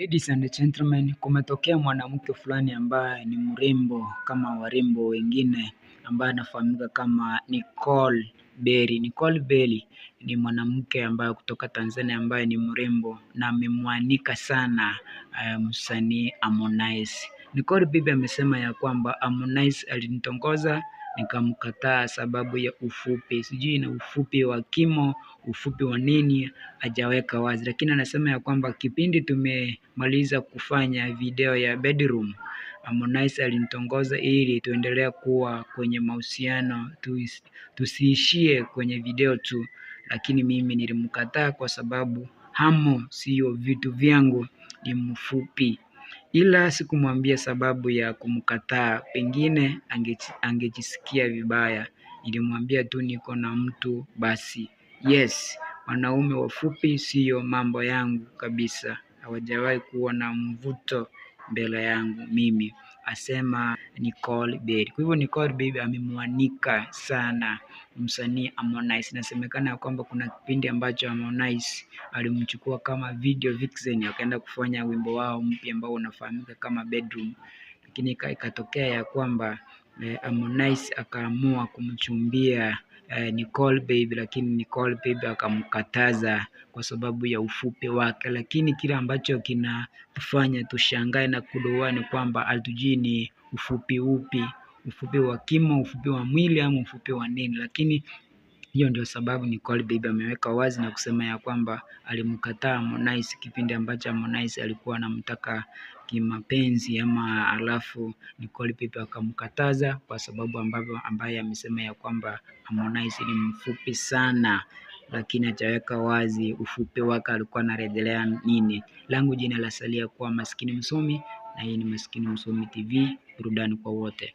Ladies and gentlemen kumetokea mwanamke fulani ambaye ni mrembo kama warembo wengine ambaye anafahamika kama Nicole Berry. Nicole Berry ni mwanamke ambaye kutoka Tanzania ambaye ni mrembo na amemwanika sana eh, msanii Harmonize. Nicole Berry amesema ya kwamba Harmonize alinitongoza nikamkataa sababu ya ufupi, sijui na ufupi wa kimo, ufupi wa nini, hajaweka wazi, lakini anasema ya kwamba kipindi tumemaliza kufanya video ya bedroom Harmonize alinitongoza ili tuendelea kuwa kwenye mahusiano, tusiishie kwenye video tu, lakini mimi nilimkataa kwa sababu hamo siyo vitu vyangu, ni mfupi ila sikumwambia sababu ya kumkataa, pengine angejisikia vibaya. Nilimwambia tu niko na mtu basi. Yes, wanaume wafupi siyo mambo yangu kabisa, hawajawahi kuwa na mvuto mbele yangu mimi, asema Nicole Berry. Kwa hivyo Nicole Berry amemwanika sana msanii Harmonize. Inasemekana ya kwamba kuna kipindi ambacho Harmonize alimchukua kama video vixen, akaenda kufanya wimbo wao mpya ambao unafahamika kama Bedroom, lakini ikatokea ya kwamba eh, Harmonize akaamua kumchumbia eh, Nicole Baby, lakini Nicole Baby akamkataza kwa sababu ya ufupi wake. Lakini kile ambacho kinatufanya tushangae na kudoa ni kwamba hatujui ni ufupi upi, ufupi wa kimo, ufupi wa mwili ama ufupi wa nini, lakini hiyo ndio sababu Nicole Bibi ameweka wazi na kusema ya kwamba alimkataa Harmonize kipindi ambacho Harmonize alikuwa anamtaka kimapenzi ama alafu Nicole Bibi akamkataza kwa sababu ambavyo ambaye amesema ya kwamba Harmonize ni mfupi sana lakini hajaweka wazi ufupi wake alikuwa anarejelea nini. Langu jina la salia kuwa Maskini Msomi na hii ni Maskini Msomi TV, burudani kwa wote.